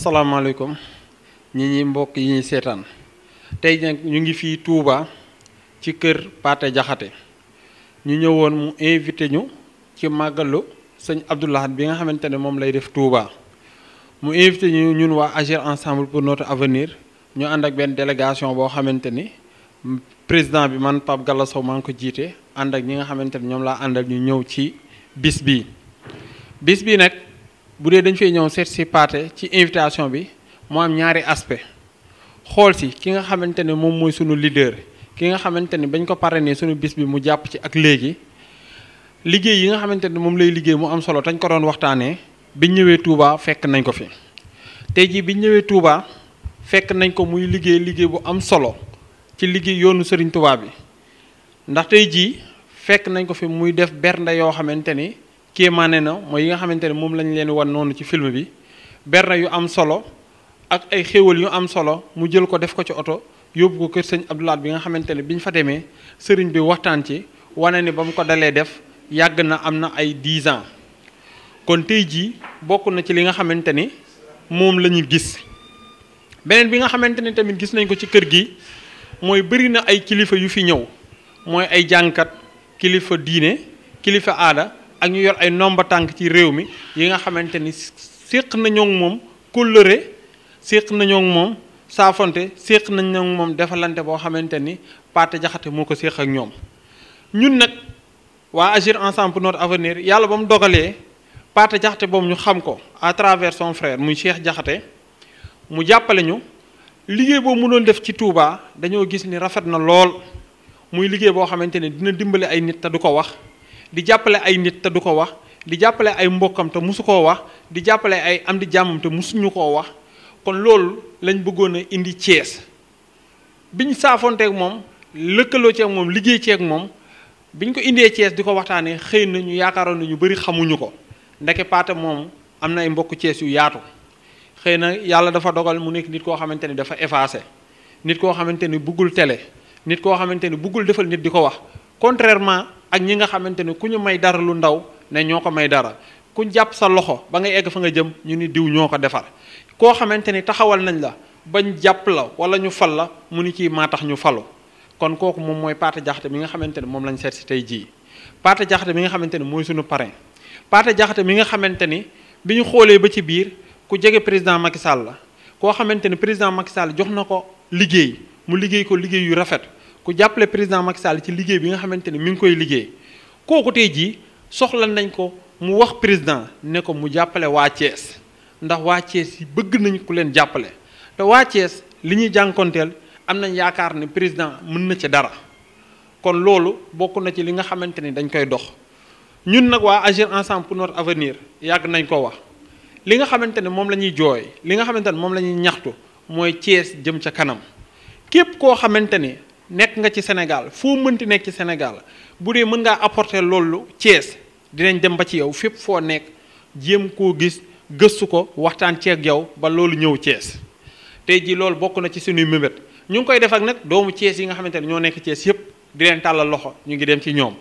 asalaamaaleykum ñi ñi mbokk yi ñuy seetaan tey nag ñu ngi fii Touba ci kër Paate Jaxate ñu ñëwoon mu invité ñu ci màggalu sëñ Abdou bi nga xamante ne moom lay def Touba mu invité ñu ñun waa Agir ensemble pour notre avenir ñu ànd ak benn délégation boo xamante ni président bi man Pape gallaso Sow maa ngi ko jiite ànd ak ñi nga xamante ne ñoom laa àndal ñu ñëw ci bis bi bis bi nag bude dañ fay ñëw seet si Pathé ci invitation bi mo am ñaari aspect xol si ki nga xamantene mom moy suñu leader ki nga xamantene bañ ko parrainer suñu bis bi mu japp ci ak léegi liggéey yi nga xamantene mom lay liggéey mu am solo tañ ko doon waxtané biñ ñëwé Touba fekk nañ ko fi tay ji biñ ñëwé Touba fekk nañ ko muy liggéey liggéey bu am solo ci liggéey yoonu Serigne Touba bi ndax tay ji fekk nañ ko fi muy def bernda yo xamantene kéemaane na mooy yi nga xamante ne moom lañu leen wan noonu ci film bi berna yu am solo ak ay xéewal yu am solo mu jël ko def ko ci oto yóbbu kër sëñ Abdou bi nga xamante ne bi ñu fa demee sëriñ bi waxtaan ci wane ni ba mu ko dalee def yàgg na am na ay 10 kon tey jii bokk na ci li nga xamante ni moom la ñu gis beneen bi nga xamante ni tamit gis nañ ko ci kër gi mooy bëri na ay kilifa yu fi ñëw mooy ay jànkat kilifa diine kilifa aada ak ñu yor ay nomba tànk ci réew mi yi nga xamante ni séq nañoo moom kóllëre séq nañoo moom saafonte séq nañoo moom defalante boo xamante ni Paate Jaxate moo ko séq ak ñoom ñun nag waa agir ensemble pour notre avenir yàlla ba mu dogalee Paate Jaxate boobu ñu xam ko à travers son frère muy Cheikh Jaxate mu jàppale ñu liggéey boobu mu doon def ci Touba dañoo gis ni rafet na lool muy liggéey boo xamante ni dina dimbali ay nit te du ko wax di jàppale ay nit te du ko wax di jàppale ay mbokkam te musu koo wax di jàppale ay am di jàmmam te musuñu koo wax kon loolu lañ bëggoon a indi Thiès biñ saafonteeg moom lëkkaloo ceeg moom liggéey ceeg moom biñ ko indee cees di ko waxtaanee xëy na ñu yaakaaroon na ñu bëri xamuñu ko ndeke paate moom am na ay mbokk Thiès yu yaatu xëy na yàlla dafa dogal mu nekk nit koo xamante ni dafa effacé nit koo xamante ni buggul tele nit koo xamante ni buggul defal nit di ko wax ak ñi nga xamante ne ku ñu may dara lu ndaw ne ñoo ko may dara ku jàpp sa loxo ba ngay egg fa nga jëm ñu ni diw ñoo ko defar koo xamante ni taxawal nañ la bañ jàpp la wala ñu fal la mu ni kii maa tax ñu falu kon kooku moom mooy Pathé Diakhaté mi nga xamante ne moom lañ seet si tey jii Pathé Diakhaté mi nga xamante ne mooy suñu parrain Pathé Diakhaté mi nga xamante ni bi ñu xoolee ba ci biir ku jege président Macky Sall la koo xamante ne président Macky Sall jox na ko liggéey mu liggéey ko liggéey yu rafet ku jàppale président Macky Sall ci liggéey bi nga xamante ne mi ngi koy liggéey kooku tey jii soxla nañ ko mu wax président ne ko mu jàppale waa Thiès ndax waa Thiès yi bëgg nañ ku leen jàppale te waa Thiès li ñuy jànkonteel am nañ yaakaar ne président mën na ci dara kon loolu bokk na ci li nga xamante ni dañ koy dox ñun nag waa agir ensemble pour notre avenir yàgg nañ ko wax li nga xamante ne moom la ñuy jooy li nga xamante ne moom la ñuy ñaxtu mooy Thiès jëm ca kanam képp koo xamante ni nekk nga ci Sénégal foo mënti nekk ci Sénégal bu dee mën ngaa apporter loolu Thiès dinañ dem ba ci yow fépp foo nekk jéem koo gis gëstu ko waxtaan ceeg yow ba loolu ñëw cees tey jii loolu bokk na ci suñuy mébét ñu ngi koy def ak nag doomu Thiès yi nga xamante ne ñoo nekk Thiès yëpp di leen tàllal loxo ñu ngi dem ci ñoom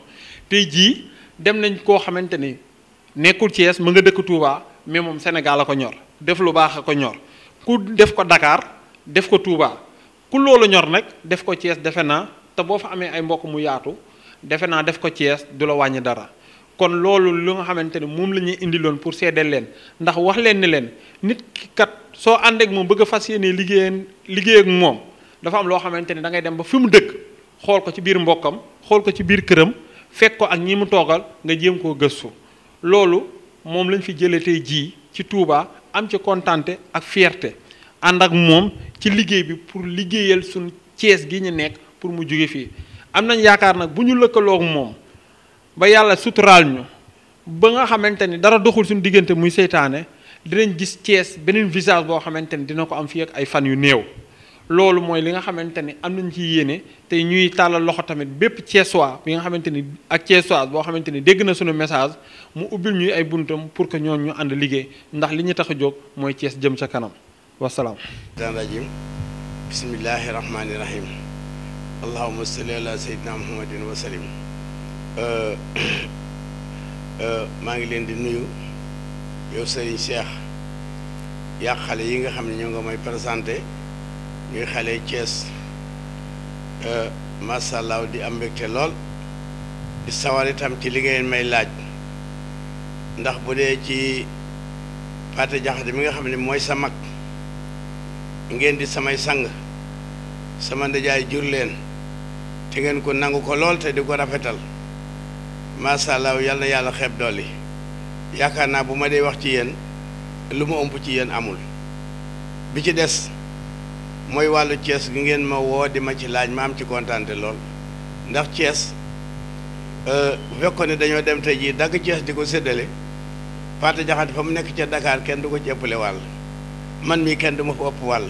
tey jii dem nañ koo xamante ni nekkul Thiès mu nga dëkk Touba mais moom Sénégal ko ñor def lu baax a ko ñor ku def ko dakaar def ko Touba. ku loolu ñor nag def ko Thiès defe naa te boo fa amee ay mbokk mu yaatu defe naa def ko Thiès du la wàññi dara kon loolu lu nga xamante ne moom la ñuy indiloon pour seedeel leen ndax wax leen ni leen nit ki kat soo ànd ak moom bëgg a fas yéene liggéeyeen liggéey ak moom dafa am loo xamante ne da ngay dem ba fi mu dëkk xool ko ci biir mbokkam xool ko ci biir këram fekk ko ak ñi mu toogal nga jéem koo gëstu loolu moom lañ fi jëlee tey jii ci Touba am ci kontante ak fierté ànd ak moom ci liggéey bi pour liggéeyal suñ Cees gi ñu nekk pour mu jóge fii am nañ yaakaar nag bu ñu lëkkaloog moom ba yàlla suturaal ñu ba nga xamante ni dara doxul suñu diggante muy seytaane dinañ gis Cees beneen visage boo xamante ni dina ko am fii ak ay fan yu néew loolu mooy li nga xamante ni am nañ ci yéene te ñuy tàllal loxo tamit bépp Thiessois bi nga xamante ni ak Thiessois boo xamante ni dégg na suñu message mu ubbil ñuy ay buntam pour que ñoo ñu ànd liggéey ndax li ñu tax a jóg mooy Thiès jëm ca kanam wasalaam rajim bismillahi rahmaani rahim allahuma salli ala sayyidina muhammadin wa salim maa ngi leen di nuyu yow sëriñ Cheikh yaa xale yi nga xam ne ñoo nga may présenté ñuy xale Thiès masalaaw di am mbégte lool di sawar itam ci li ngeen may laaj ndax bu dee ci Pate Jaxate mi nga xam ne mooy sa mag ngeen di samay sang sama ndijaay jurleen leen te ngeen ko nangu ko lool te di ko rafetal macha allah yal na yàlla xeeb dolli yaakaar naa bu ma dee wax ci yéen lu ma ëmb ci yéen amul bi ci des mooy wàllu cees gi ngeen ma woo di ma ci laaj ma ci kontaante lool ndax cees bu euh, fekkoon ne dañoo dem tey jii dagg Thiès di ko séddale Fatou Diakhaté fa mu nekk ca Dakar kenn du ko ci ëppale man mii kenn duma ko ëpp wàll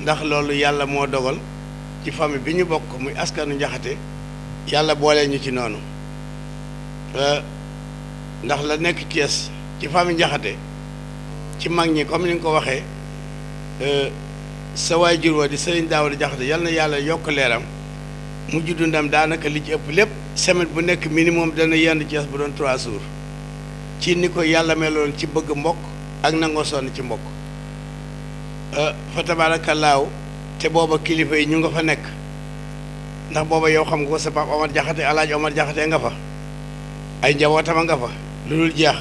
ndax loolu yàlla moo dogal ci famille bi ñu bokk muy askanu njaxate yàlla boolee ñu ci noonu ndax la nekk Thiès ci famille njaxate ci mag ñi comme li nga ko waxee sa waajur wa di sëriñ Daawda Jaxate yàlla na yàlla yokk leeram mujj dundam daanaka li ci ëpp lépp semaine bu nekk minimum dana yenn Thiès bu doon trois jours ci ni ko yàlla meloon ci bëgg mbokk ak nangoo sonn ci mbokk Euh, fa tabaarakallaahu te booba kilifa yi ñu nga fa nekk ndax booba yow xam nga ko sa pap Omar Jaxate alaaj Omar Jaxate nga fa ay njabootam nga fa lu dul jeex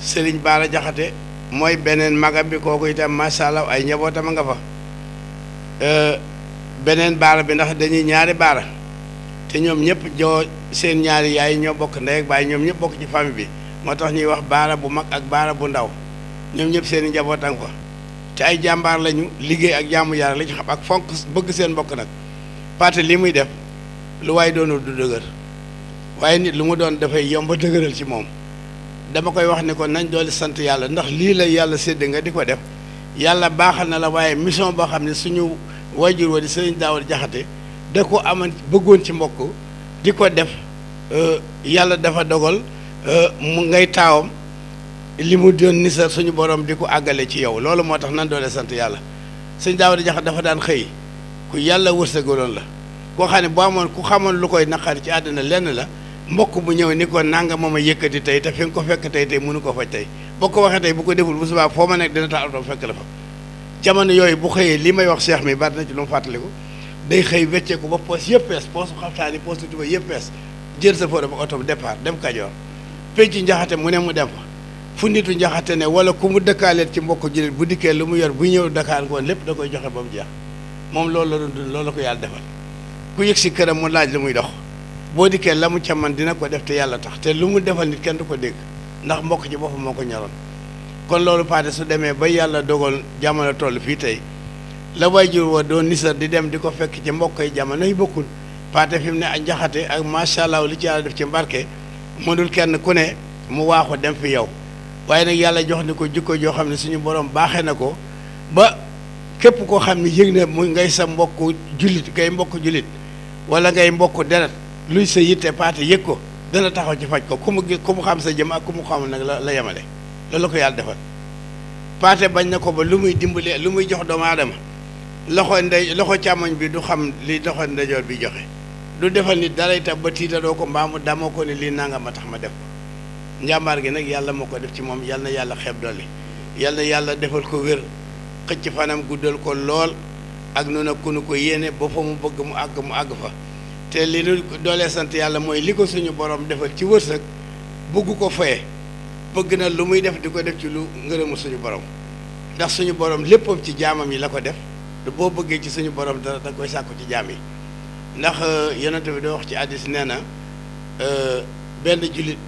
sëriñ Baara Jaxate mooy beneen magam bi kooku itam macha allah ay njabootam nga fa euh, beneen baara bi ndax dañuy ñaari baara te ñoom ñëpp joo seen ñaari yaay ñoo bokk ndey ak baay ñoom ñëpp bokk ci famille bi moo tax ñuy wax baara bu mag ak baara bu ndaw ñoom ñëpp seen i njabootam fa te ay jàmbaar lañu liggéey ak jaamu yàlla lañu xam ak fonk bëgg seen mbokk nag paate lii muy def lu waaye doonul du dëgër waaye nit lu mu doon dafay yomba a dëgëral ci moom dama koy wax ne ko nañ doole sant yàlla ndax lii la yàlla sédd nga di ko def yàlla baaxal na la waaye mission boo xam ne suñu wajur wa di sëriñ daawal jaxate da ko aman bëggoon ci mbokk di ko def euh, yàlla dafa dogal euh, mu ngay taawam li mu doon nisar suñu borom di ko àggale ci yow loolu moo tax nan doole sant yàlla sëñ Daawda Jaxate dafa daan xëy ku yàlla wërsëgaloon la koo xam ne boo amoon ku xamoon lu koy naqari ci àddina lenn la mbokk bu ñëw ni ko nanga moom a yëkkati tey te fi nga ko fekk tey tey mënu ko faj tey boo ko waxee tey bu ko deful bu subaa foo ma nekk dina taal oto fekk la fa jamono yooyu bu xëyee li may wax cheikh mi bari na ci lu mu fàttaliku day xëy wecceeku ba poos yëpp pees poosu xaftaan yi yëpp pees jël sa foore ba oto départ dem Kajoor penc njaxate mu ne mu dem fu nitu njaxate ne wala ku mu dëkkaaleet ci mbokk jullit bu dikkee lu mu yor buy ñëw Dakar ngoon lépp da koy joxe ba mu jeex moom loolu la doon dund loolu ko yàlla defal ku yëg si këram laaj lu muy dox boo dikkee la mu ca dina ko def te yàlla tax te lu mu defal nit kenn du ko dégg ndax mbokk ci boppam moo ko ñoroon kon loolu paate su demee ba yàlla dogal jamono toll fii tey la waajur wa doon nisar di dem di ko fekk ci mbokk yi jamono yi bokkul paate fi mu ne ak njaxate ak macha allah li ci yàlla def ci mbarke mënul kenn ku ne mu waaxu dem fi yow waaye nag yàlla jox ni ko jikko joo xam ne suñu borom baaxee na ko ba képp koo xam ne yëg ne mu ngay sa mbokk jullit ngay mbokk jullit wala ngay mbokk deret luy sa yitte paate yëg ko dana taxaw ci faj ko ku mu xam sa jëm ak ku mu xam nag la la yemale loolu ko yàlla defal paate bañ na ko ba lu muy dimbalee lu muy jox doomu aadama loxo ndey loxo càmmoñ bi du xam li loxo ndeyjoor bi joxe du defal nit dara itam ba tiita doo ko mu damoo ko ne lii nangam ma tax ma def njàmbaar gi nag yàlla moo ko def ci moom yal na yàlla xeeb dolli yal yàlla defal ko wér xëcc fanam guddal ko lool ak noonu ku nu ko yéene ba fa mu bëgg mu àgg mu àgg fa te li nu doolee sant yàlla mooy li ko suñu borom defal ci wërsëg bëgg ko feye bëgg na lu muy def di ko def ci lu ngërëmu suñu borom ndax suñu borom léppam ci jaamam yi la ko def boo bëggee ci suñu borom dara da koy sàkku ci jaam yi ndax eh, yonent bi da wax ci hadiis nee na eh, benn jullit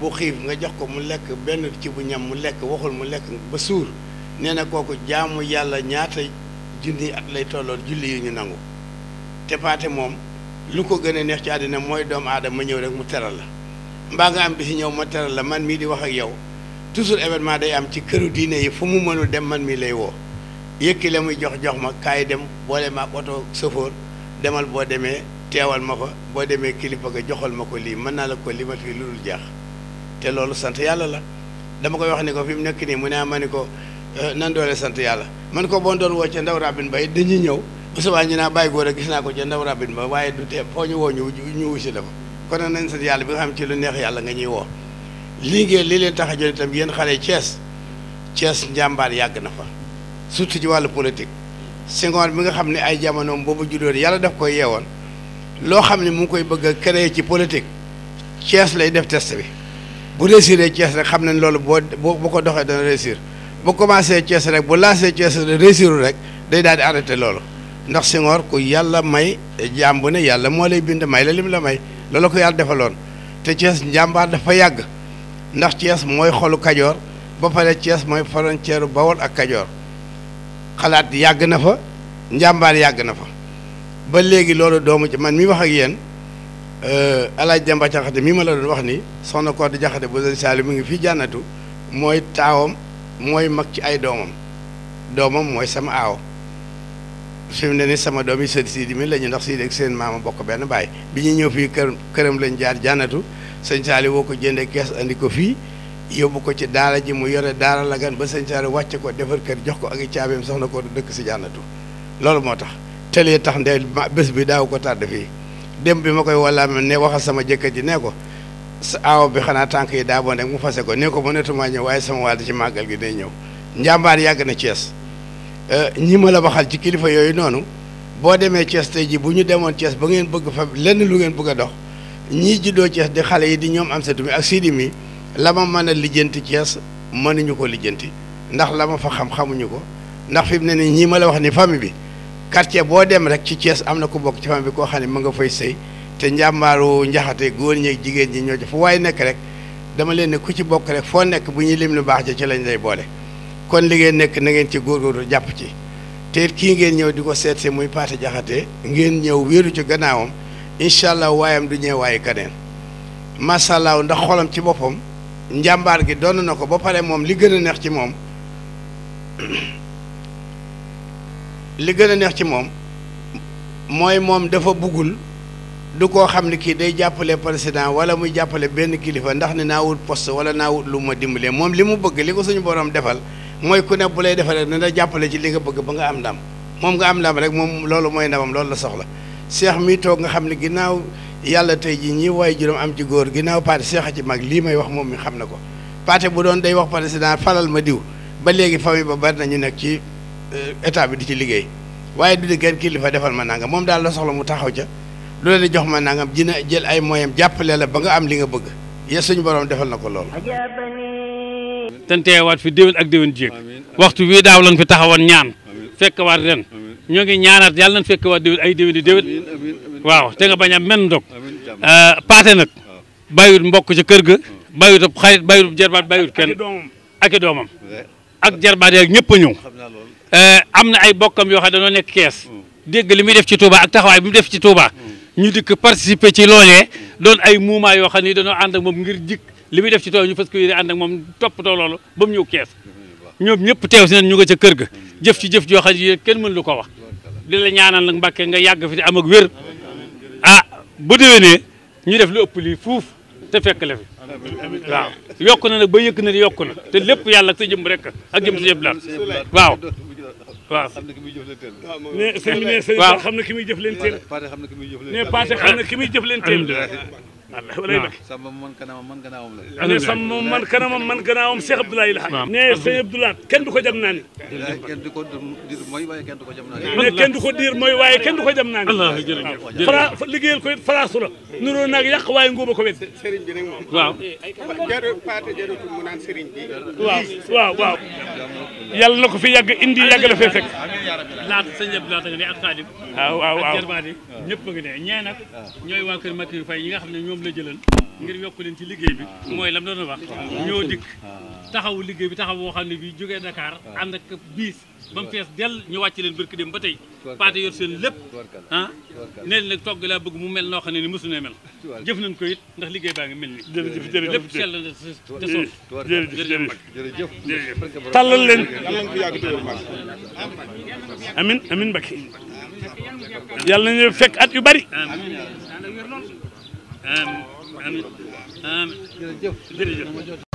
bu xiif nga jox ko mu lekk benn ci bu ñam mu lekk waxul mu lekk ba suur nee na kooku jaamu yàlla ñaata junni at lay tolloon julli yi ñu nangu te paate moom lu ko gën a neex ci àddina mooy doomu aadama ma ñëw rek mu teral la mbaa nga am bi si ñëw ma teral la man mii di wax ak yow toujours événement day am ci këru diine yi fu mu mënul dem man mii lay woo yëkki la muy jox jox ma kaay dem boo ma ak oto sëfoor demal boo demee teewal ma fa boo demee kilifa ga joxal ma ko lii mën naa la ko limal lu dul jeex te loolu sant yàlla la dama koy wax ni ko fi mu nekk nii mu ne ma ni ko eh, nan doole sant yàlla man ko bon doon woo ca ndaw rabin ba it dañuy ñëw usubaa ñu naa bàyyi góor a gis naa ko ca ndaw rabin ba waaye du tee foo ñu woo ñu ñu wusi la ko kon nag nañ sant yàlla bi nga xam ci lu neex yàlla nga ñuy woo lii ngeen li leen tax a jël itam yéen xale Thiès Thiès njàmbaar yàgg na fa surtout ci wàllu politique Senghor bi nga xam ne ay jamonoom boobu juddoo yàlla daf koy yeewoon loo xam ne mu ngi koy bëgg a créer ci politique Thiès lay def test bi bu réussir cees rek xam nañ loolu boo bu ko doxee dana réussir bu commencé Thiès rek bu laasee Thiès rek réussirul rek day daal di arrêté loolu ndax Senghor ku yàlla may jaam bu ne yàlla moo lay bind may la lim la may loolu ko yàlla defaloon te Thiès njàmbaar dafa yàgg ndax Thiès mooy xolu Kajoor ba pare Thiès mooy frontière Bawol ak Kajoor xalaat yàgg na fa njàmbaar yàgg na fa ba léegi loolu doomu ci man mi wax ak yéen. Euh, alaaj Demba Jaxate mii ma la doon wax ni soxna ko di Jaxate bu sëñ Saaliw mu ngi fii jànnatu mooy taawam mooy mag ci ay doomam doomam mooy sama aaw fi ne ni sama doom yi sët sii di mi la ñu ndax sii dég seen maama bokk benn baay bi ñu ñëw fii kër këram lañ jaar jànnatu sëñ Saaliw woo ko jëndee kees andi ko fii yóbbu ko ci daara ji mu yore daara la gan ba sëñ Saaliw wàcce ko defar kër jox ko ak i caabeem soxna ko dëkk si jànnatu loolu moo tax telee tax ndee bés bi daaw ko tàdd fii dem bi ma koy wallaame ne waxal sama jëkkër ji ne ko sa aaw bi xanaa tànk yi daa bon rek mu fase ko ne ko mënatumaa ñëw waaye sama wàll ci màggal gi day ñëw njàmbaar yàgg na Thiès euh, ñi ma la waxal ci kilifa yooyu noonu boo demee cees tey ji bu ñu demoon cees ba ngeen bëgg fa lenn lu ngeen bëgg a dox ñii juddoo Thiès di xale yi di ñoom am satumi ak sidi mi la ma mën a lijjanti Thiès mënuñu ko lijjanti ndax la ma fa xam xamuñu ko ndax fi mu ne nii ñii ma la wax ni famille bi quartier boo dem rek ci Thiès am na ku bokk ci famille bi koo xam ne mu nga fay sëy te njàmbaaru njaxate góor ñeeg jigéen ñi ñoo ci waaye nekk rek dama leen ne ku ci bokk rek foo nekk bu ñuy lim lu baax ja ci lañ lay boole kon li ngeen nekk na ngeen ci góorgóorlu jàpp ci te kii ngeen ñëw di ko seetse muy paate jaxate ngeen ñëw wéeru ci gannaawam incha allah waayam du ñëw waaye kaneen macha allah ndax xolam ci boppam njàmbaar gi doon na ko ba pare moom li gën a neex ci moom li gën a neex ci moom mooy moom dafa buggul du koo xam ni kii day jàppale président wala muy jàppale benn kilifa ndax ne naa wut poste wala naa wut lu ma dimbalee moom li mu bëgg li ko suñu borom defal mooy ku ne bu lay defalee dana jàppale ci li nga bëgg ba nga am ndam moom nga am ndam rek moom loolu mooy ndamam loolu la soxla seex mi toog nga xam ne ginnaaw yàlla tey ji ñi waaye juróom am ci góor ginnaaw paate seex a ci mag lii may wax moom mi xam na ko paate bu doon day wax président falal ma diw ba na ñu nekk ci Euh, état bi di ci liggéey waaye du di kenn kilifa defal ma nangam moom daal la soxla mu taxaw ca lu leen di jox ma nangam dina jël ay moyam jàppale la ba nga am li nga bëgg ye suñu boroom defal na ko lool ten teewaat fi déwén ak déwén jéeg waxtu wii daaw lañ fi taxawoon ñaan fekk waat ren ñoo ngi ñaanaat yàlla fekk fekkwaat déwén ay déwén di déwén waaw te nga bañ a men ndog euh, paate nag bàyyiwut mbokk ci kër ga bàyyiwut ab xarit bàyyiwut ab jarbaat bàyyiwut kenn ak i doomam ak jarbaat yaak Euh, am na ay bokkam yoo xam ne dañoo nekk kees mm. dégg li muy def ci Touba ak taxawaay bi mu def ci Touba mm. ñu dikk participe ci loolee doon ay mouvement yoo xam ne dañoo ànd ak moom ngir jikk li muy def ci Touba ñu parce que yéen ànd ak moom toppatoo loolu ba mu ñëw kees ñoom ñëpp teew si nañ ñu nga ca kër ga jëf ci jëf joo xam ne kenn mën lu ko wax di la ñaanal nag Mbàkke nga yàgg fi di am ak wér ah bu déwénee ñu def lu ëpp lii fuuf te fekk la fi waaw yokk na nag ba yëkk na yokk na te lépp yàlla sa jëm rek ak waaw xam na ki muy jëflanteel. ne sëñ bi ne sëñ bi xam na ki muy jëflanteel. Paate xam na ki muy jëflanteel. ne Paate xam na ki muy jëflanteel. الله ولا يبارك صمم من كان من كان انا صمم من كان من كان شيخ عبد الله الحاج ني سي عبد الله كين دوكو جامناني كين دوكو دير موي واي كين دوكو جامناني كين دوكو دير موي واي كين دوكو جامناني الله جيرف ليغيل كو فراسو لا نورو ناك ياخ واي غوبا كو ويت سيرين بي نك موم واو جارو باتي جارو مو نان سيرين بي واو واو واو يالا نكو في ياغ اندي ياغ لا في فك لا سيغ عبد الله تاني اك خادم واو ñoom la jëlal ngir yokk leen ci liggéey bi mooy lam doon wax ñoo dikk taxawu liggéey bi taxaw boo xam ne bii jógee Dakar ànd ak biis ba mu fees dell ñu wàcc leen barki dem ba tey paate yor seen lépp ah nee nag togg laa bëgg mu mel noo xam ne ni mosu ne mel jëf nañ ko it ndax liggéey baa ngi mel ni jërëjëf jërëjëf lépp sell na te soof jërëjëf jërëjëf tàllal leen amin amin Mbakke yàlla nañu fekk at yu bari آمين آمين آمين